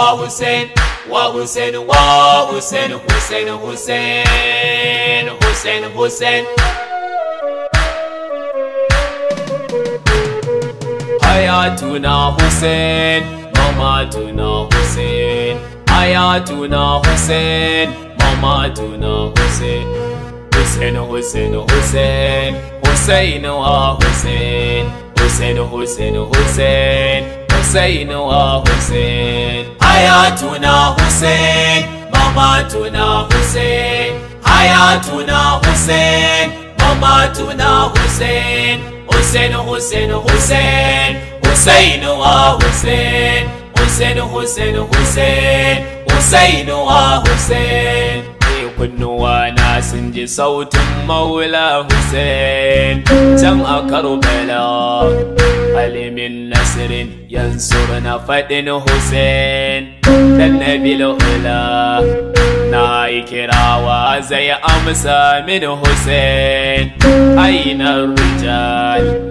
wa Hussein, wa Hussein, wa Hussein, Hussein, Hussein, Hussein, Hussein. Hayatuna Hussein, Mama tuna Hussein. Hayatuna Hussein, Mama tuna Hussein. Hussein, Hussein, Hussein, Hussein wa Hussein, Hussein, Hussein, Hussein, Hussein wa Hussein hayatuna Hussein Mama tuna Hussein hayatuna Hussein mamatuna Hussein Hussein Hussein Hussein Hussein wa Hussein Hussein Hussein Hussein Hussein wa Hussein kunnuwa na duniya sun ji sautin maula hussein can a karbala alimin nasirin yansur na faɗin hussein dan nabil hula na kirawa zai amsa min hussein ainihin rijal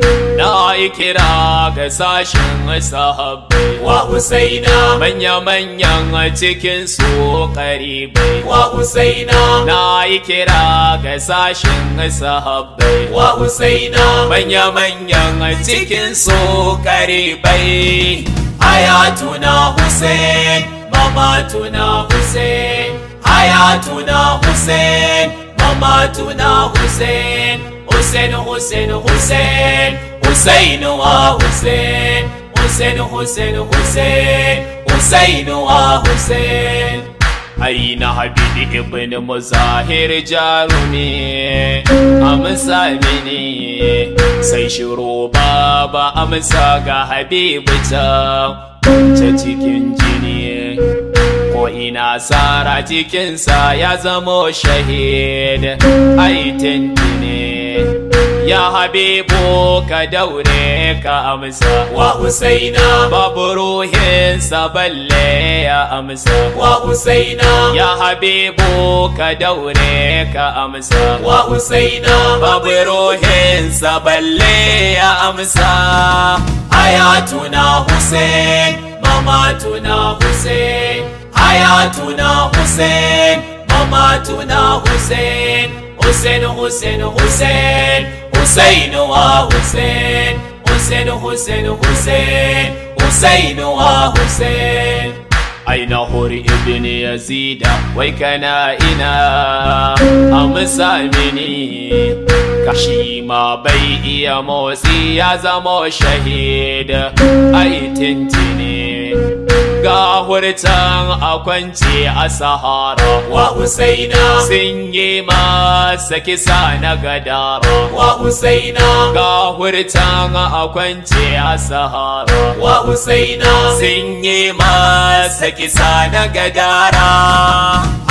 yi kira ga sashen sahabbai wa Usaina manya-manyan cikin su karibai wa Usaina na yi kira ga sashen sahabbai wa Usaina manya-manyan cikin su karibai hayatuna Hussein mamatuna Hussein hayatuna Hussein mamatuna Hussein Hussein Hussein Hussein Hussein wa Hussein Hussein Hussein Hussein Hussein wa Hussein Aina Habib ibn Muzahir jarumi amsa mini sai shiro baba amsa ga Habibu ta ta cikin jini ko ina sara cikinsa ya zamo shahid aitin jini يا حبيبو دورك أمسى وحسينا ببروهن سبلي يا أمسى وحسينا يا حبيبك دورك أمسى وحسينا ببروهن سبلي يا أمسى حياتنا حسين ماماتنا حسين حياتنا حسين ماماتنا حسين Hussein Hussein Hussein Hussein Hussein Hussein Hussein Hussein Hussein Hussein Aina huri ibn Yazida wai kana ina amsa mini kashi ma bai iya motsi ya zama shahid aitintini ga hurtan a kwance a sahara wa usaina sun yi masa kisa na gadara wa usaina ga hurtan a kwance a sahara wa usaina sun yi masa kisa na gadara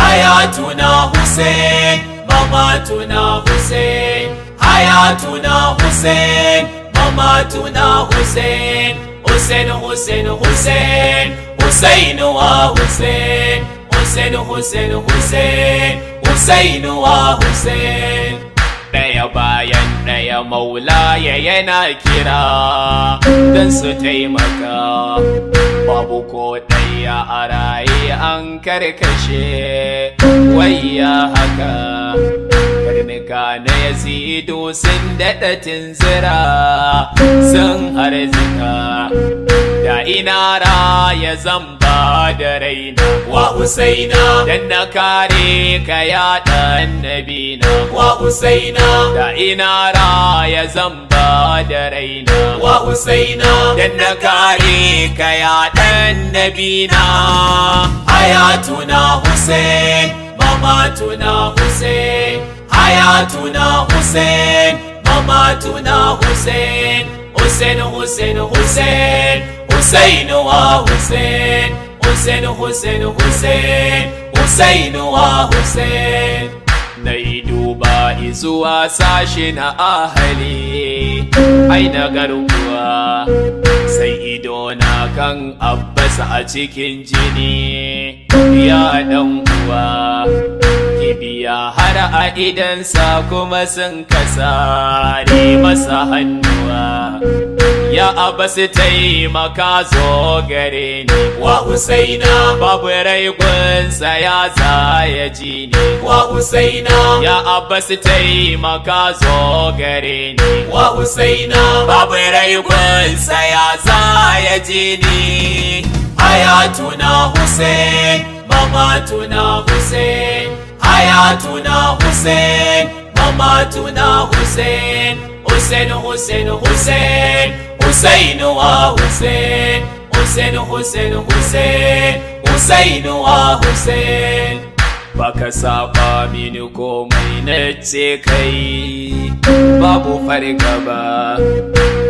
hayatuna Husain, mamatuna Husain. hayatuna hussein mamatuna Husain. hussein hussein hussein Hussein wa Hussein Hussein Hussein Hussein Hussein wa Hussein Daya bayan daya maula ya yana kira dan su taimaka babu ko daya a raye an karkashe ya haka kana na yazidu sun daɗa tunzira sun harzika da ina ya zan ba da raina wa husaina dan na kare ka ya dan nabina wa husaina da ina ya zan ba da raina wa husaina dan na kare ka ya dan nabina hayatuna husain tuna husain hayatuna Hussein mamatuna Hussein Hussein Hussein Hussein Hussein wa Hussein Hussein Hussein Hussein Hussein wa Hussein na yi duba izuwa sashi na ahali ai na garuwa sai ido na kan abbas a cikin jini ya dan uwa bibiya har a idansa kuma sun kasa ne masa hannuwa ya abasu taimaka zo gare ni wa usaina babu rai gunsa ya zaya ji ne wa usaina ya abasu taimaka zo gare ni wa usaina babu rai gunsa ya zaya ji ni hayatuna Hussein mamatuna Hussein tuna Hussein tuna Hussein Hussein Hussein Hussein Hussein wa Hussein Hussein Hussein Hussein Hussein wa Hussein baka saba mini komai na ce kai babu fargaba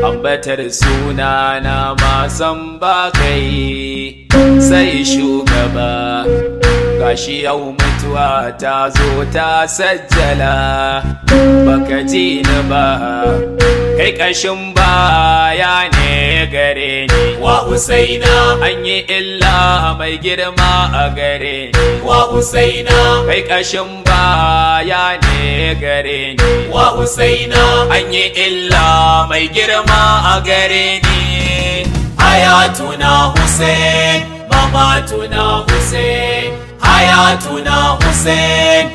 ambatar suna na masan ba kai sai shugaba gashi yau mutuwa ta zo ta sajjala baka ji ni ba kai kashin baya ne gare ni wa usaina an yi illa mai girma a gare ni wa usaina kai kashin baya ne gare ni wa usaina an yi illa mai girma a gare ni hayatuna mama mamatuna Husain. hayatuna Hussein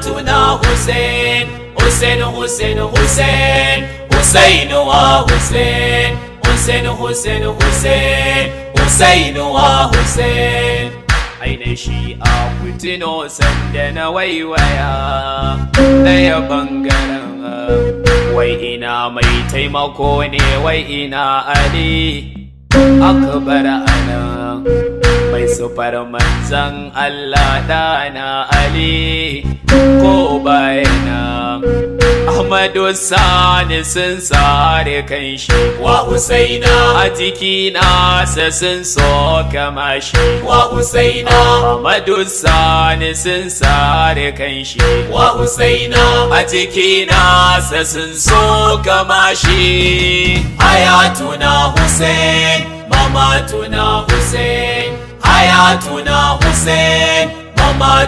tuna Hussein Hussein Hussein Hussein Hussein wa Hussein Hussein Hussein Hussein Hussein wa Hussein Aine shi a kutino sanda na waiwaya ya bangaren wai ina mai taimako ne wai ina ali akbar anan mai su manzan Allah na Ali ko na Ahmadu Sani sun sare kan shi wa Husaina a jiki nasa sun so kama shi wa Husaina Ahmadu Sani sun sare kan shi wa Husaina a jiki nasa sun so kama shi hayatuna Hussein mamatuna Hussein tuna Hussein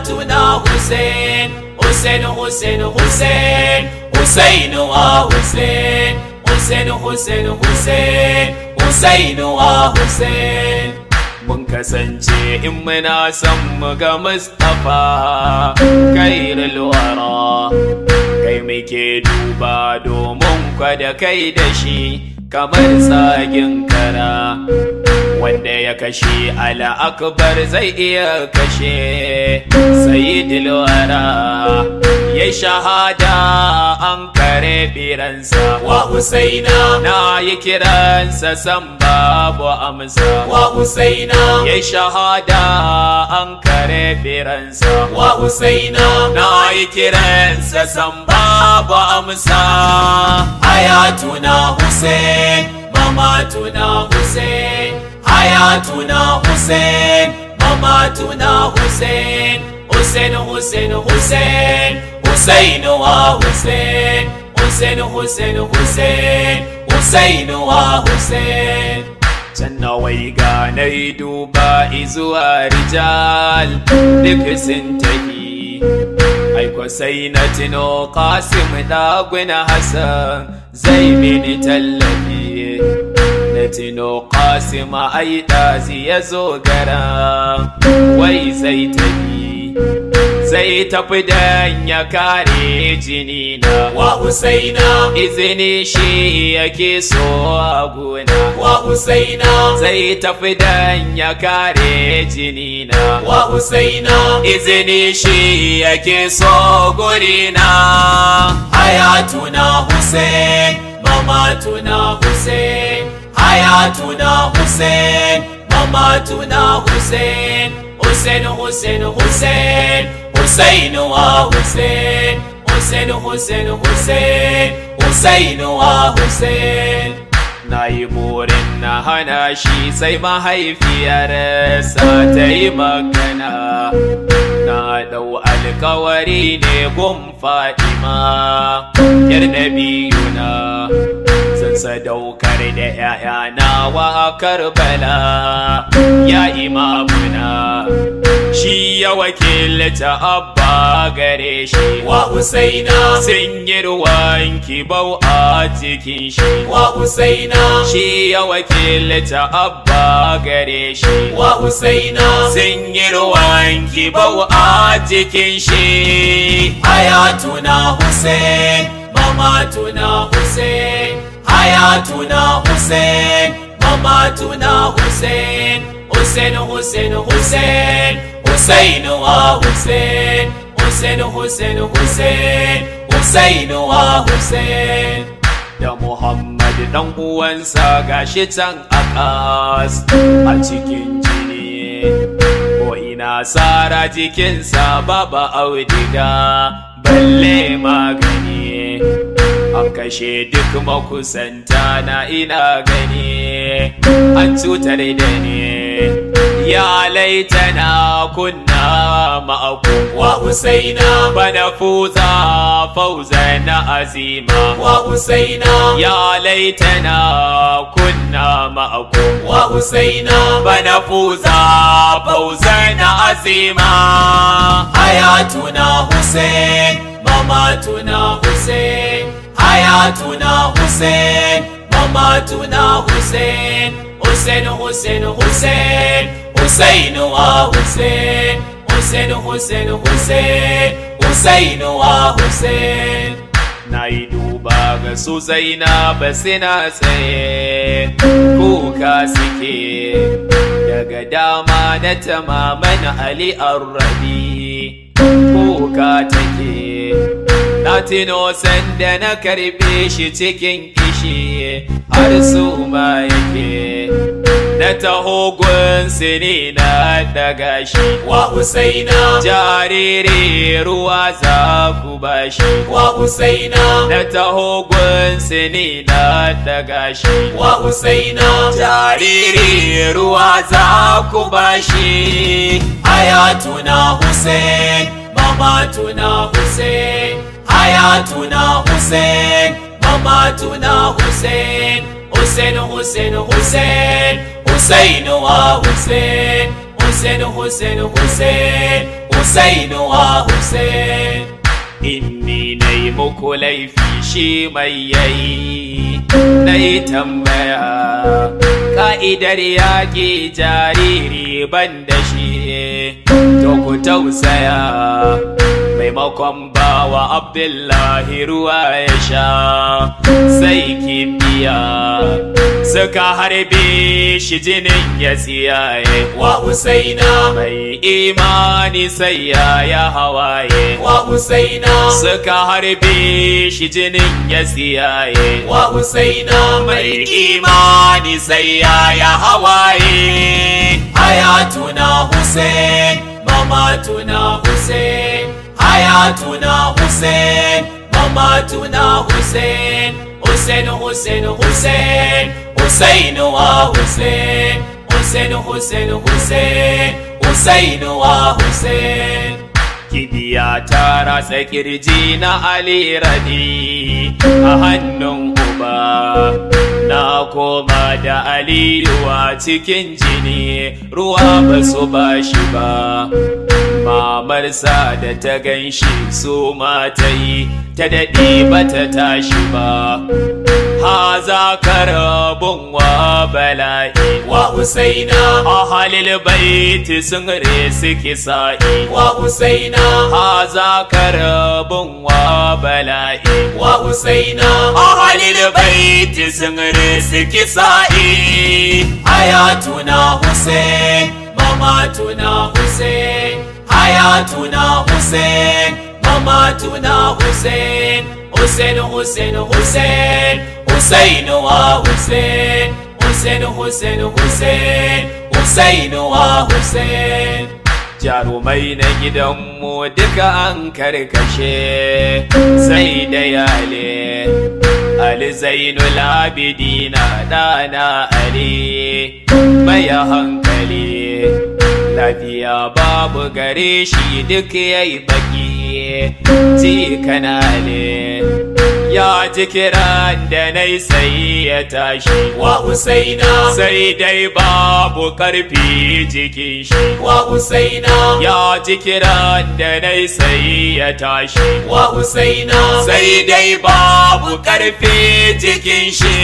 tuna Hussein Hussein Hussein Hussein Hussein wa Hussein Hussein Hussein Hussein Hussein wa Hussein mun kasance in muna son mu ga Mustapha kairul wara kai muke duba domin kwada kai da shi kamar tsagin kara wanda ya kashe ala akbar zai iya kashe sai dilwara ya shahada an kare biransa wa husaina na yi kiransa san babu amsa wa husaina ya shahada an kare biransa wa husaina na yi kiransa san babu amsa hayatuna husaina Hussein tuna Hussein tuna Hussein tuna Hussein Hussein Hussein Hussein Hussein wa Hussein Hussein Hussein Hussein Hussein wa Hussein can na wai ganai izu izuwa rijal duk sun tafi aiko sai na tino kasim da gwena hassan zai mini tallafi na tino kasima ai ɗazi ya zo gara wai zai tafi zai tafi dan ya kare jini wa husaina izini shi yake so a gona wa husaina zai tafi dan ya kare jini wa husaina izini shi yake so guri na hayatuna husain tuna husain hayatuna husain tuna husain Hussein, Hussein, Hussein, Hussein wa Hussein Hussein Hussein Hussein Hussein Na yi burin na hana shi sai mahaifiyarsa ta yi magana Na dau alkawari ne gun Fadima Yar da biyu na sa sadaukar da ‘ya'yana wa Karbala ya imamuna. shi ya ta abba gare shi wa usaina sun yi ruwan kibau a cikin shi wa usaina shi ya ta abba gare shi wa usaina sun yi ruwan kibau a cikin shi hayatuna hussein mamatuna hussein hayatuna mama mamatuna husain Hussein, Hussein, Hussein Hussein wa Hussein Hussein Hussein Hussein Hussein wa Hussein da Muhammad dan uwansa gashi can a a cikin jini ko ina sara jikinsa baba audiga balle magani an kashe duk makusanta na ina gani an cutar da ni ya laita na kunna ma'aku wa husaina bana fuza fauza na azima wa husaina ya laita na kunna ma'aku wa husaina bana fuza fauza na azima hayatuna husain mama tuna husain tuna Hussein tuna Hussein Hussein Hussein Hussein Hussein wa Hussein Hussein Hussein Hussein Hussein wa Hussein na yi duba ga su zainab suna tsaye kuka suke daga dama na tamaman ali arrabi kuka take na tino sanda na karbe shi cikin kishi har su ma yake na taho gun sini na daga shi wa usaina jariri ruwa za ku ba shi wa usaina na taho na daga shi wa usaina jariri ruwa za ku ba shi tuna hussein mamatuna hussein hayatuna Hussein mamatuna Hussein Hussein Hussein Hussein Hussein wa Hussein Hussein Hussein Hussein Hussein wa Hussein Inni nai muku laifi shi mai yayi nai tambaya ka'idar yaƙi jariri ban da shi to ku tausaya taimakon bawa abdullahi ruwa ya sha sai kibiya suka harbe shi jinin ya tsiyaye wa husaina mai imani sai ya ya hawaye wa husaina suka harbe shi jinin ya tsiyaye wa husaina mai imani sai ya ya hawaye Hussein husain mamatuna Hussein. hayatuna Hussein mamatuna Hussein Hussein Hussein Hussein Hussein wa Hussein Hussein Hussein Hussein Hussein wa Hussein kibiya ta ratsa kirji na ali a hannun uba na koma da aliyuwa cikin jini ruwa ba su ba shi ba mamarsa da ta ganshi shi su ma ta yi ta ba ta tashi ba haza karabun wa bala'i wa husaina ahalil baiti sun su kisa'i wa husaina haza karabun wa bala'i wa husaina ahalil baiti sun resi kisa'i na husain mama mamatuna husain hayatuna husain mama tuna husain Hussein Hussein Hussein Hussein wa Hussein Hussein Hussein Hussein Hussein wa Hussein Jarumai na gidanmu duka an karkashe sai da yale Ali Zainul Abidina ɗana Ali mai hankali lafiya babu gare shi duk yayi baki yi ji kanale ya ji kiran da nai sai ya tashi wa usaina sai dai babu karfi jikin shi wa usaina ya ji kiran da nai sai ya tashi wa usaina sai dai babu karfi jikin shi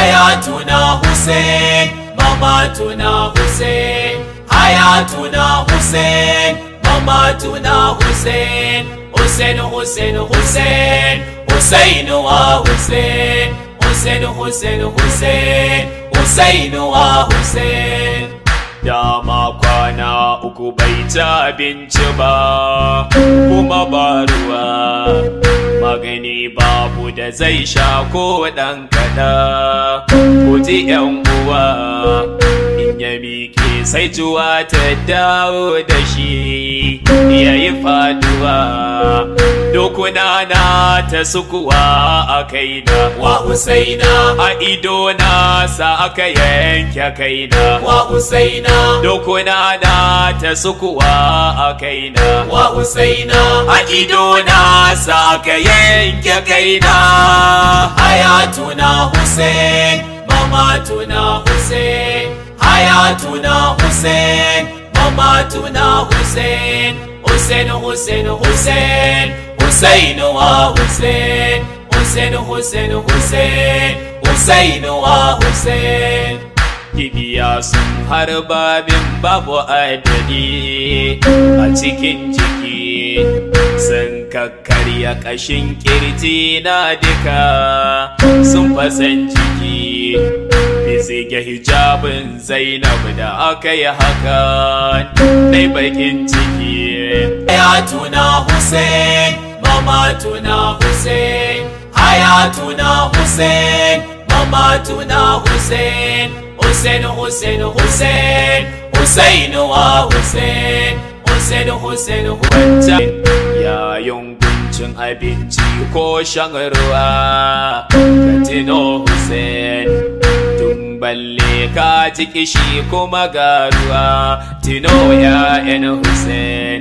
ayatuna Hussein mamatuna Hussein tuna, Hussein matuna Hussein Hussein Hussein Hussein Hussein wa Hussein Hussein Hussein Hussein Hussein wa Hussein Dama kwana uku bai ci abinci ba kuma ba ruwa magani babu da zai sha ko ɗan kaɗa ku ji uwa in ya miƙe sai juwa ta dawo da shi ya yi faduwa dokuna na ta sukuwa a kaina wa husaina a ido na sa aka yanke kaina wa husaina dokuna na ta sukuwa a kaina wa husaina a ido na sa aka yanke kaina hayatuna husain mamatuna husain hayatuna Hussein tuna Hussein Hussein Hussein Hussein Hussein wa Hussein Hussein Hussein Hussein Hussein wa Hussein Kibiya sun harba min babu adadi a cikin ciki sun kakkarya ƙashin kirji na duka sun fasan ciki zige hijabin Zainabu da aka yi haka dai bakin ciki tuna hussein mamatuna hussein hayatuna hussein tuna hussein hussein hussein hussein hussein wa hussein hussein hussein hussein yun guncin abinci ko shan ruwa katino tino hussein balle ka ji kishi kuma garuwa ruwa ya ya'yan Hussein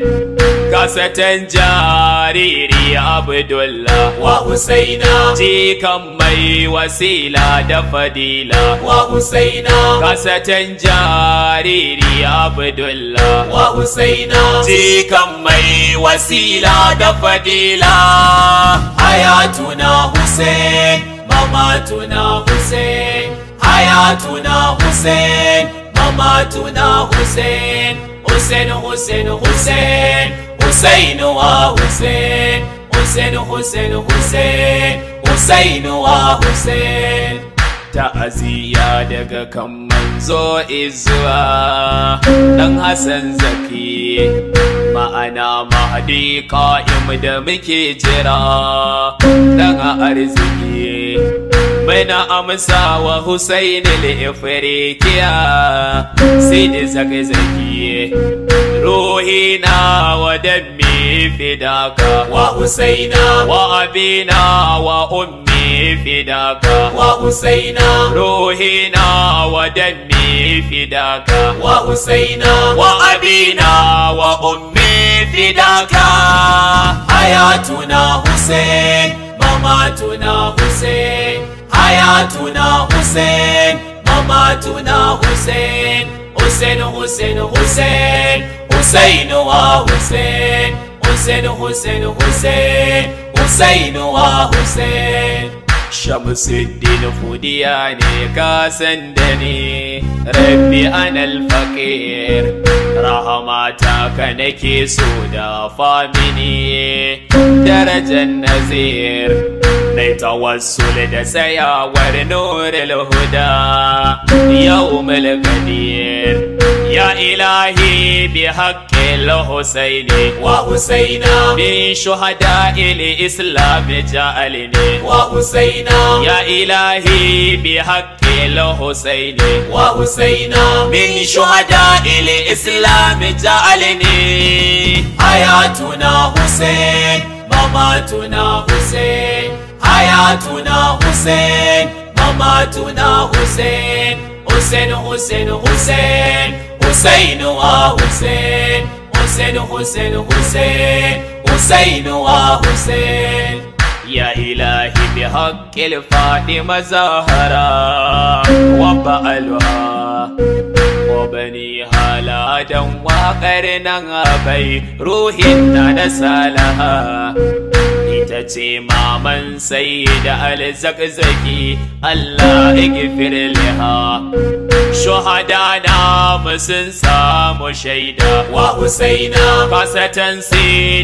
kasatan jariri Abdullah wa Husaina kan mai wasila da fadila wa Husaina kasatan jariri Abdullah wa Husaina kan mai wasila da fadila hayatuna Hussein mamatuna Hussein tuna Hussein tuna Hussein Hussein Hussein Hussein Hussein wa Hussein Hussein Hussein Hussein Hussein wa Hussein ta'aziyya daga kan manzo izuwa dan Hassan Zaki ma'ana mahdi ka'im da muke jira dan arziki Baina amsa wa Hussein al-Ifriqiya sai da zage Ruhi ruhina wa dami fidaka wa Husaina wa abina wa ummi fidaka wa Husaina ruhina wa dami fidaka wa Husaina wa abina wa ummi fidaka hayatuna Hussein tuna Hussein حياتنا حسين مماتنا حسين حسين حسين حسين حسين وحسين حسين حسين حسين حسين وحسين شمس الدين فودياني كاسندني ربي أنا الفقير rahamata ka nake so da famini darajar nazir na tawassul da tsayawar nurul huda yau mulkadir يا إلهي بحق الحسين وحسينا من شهداء الإسلام جعلني وحسينا يا إلهي بحق الحسين وحسينا من شهداء الإسلام جعلني حياتنا حسين مماتنا حسين حياتنا حسين مماتنا حسين حسين حسين حسين Hussein wa Hussein Hussein Hussein Hussein Hussein wa Hussein Ya يا wa بحق الفاطمة hala وبألها wa qarnan دم ruhin ta da salaha ita ce maman sayyida al-zakzaki Allah igfir liha shuhadana mu sun samu shaida wa husaina fasatan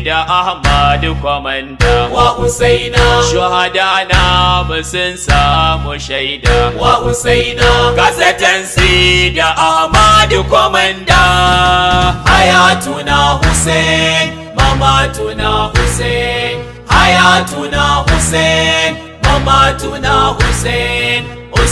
da ahmad komanda wa husaina shuhadana mu sun samu shaida wa husaina kasatansi da ahmad komanda hayatuna husain mamatuna husain hayatuna husain mamatuna husain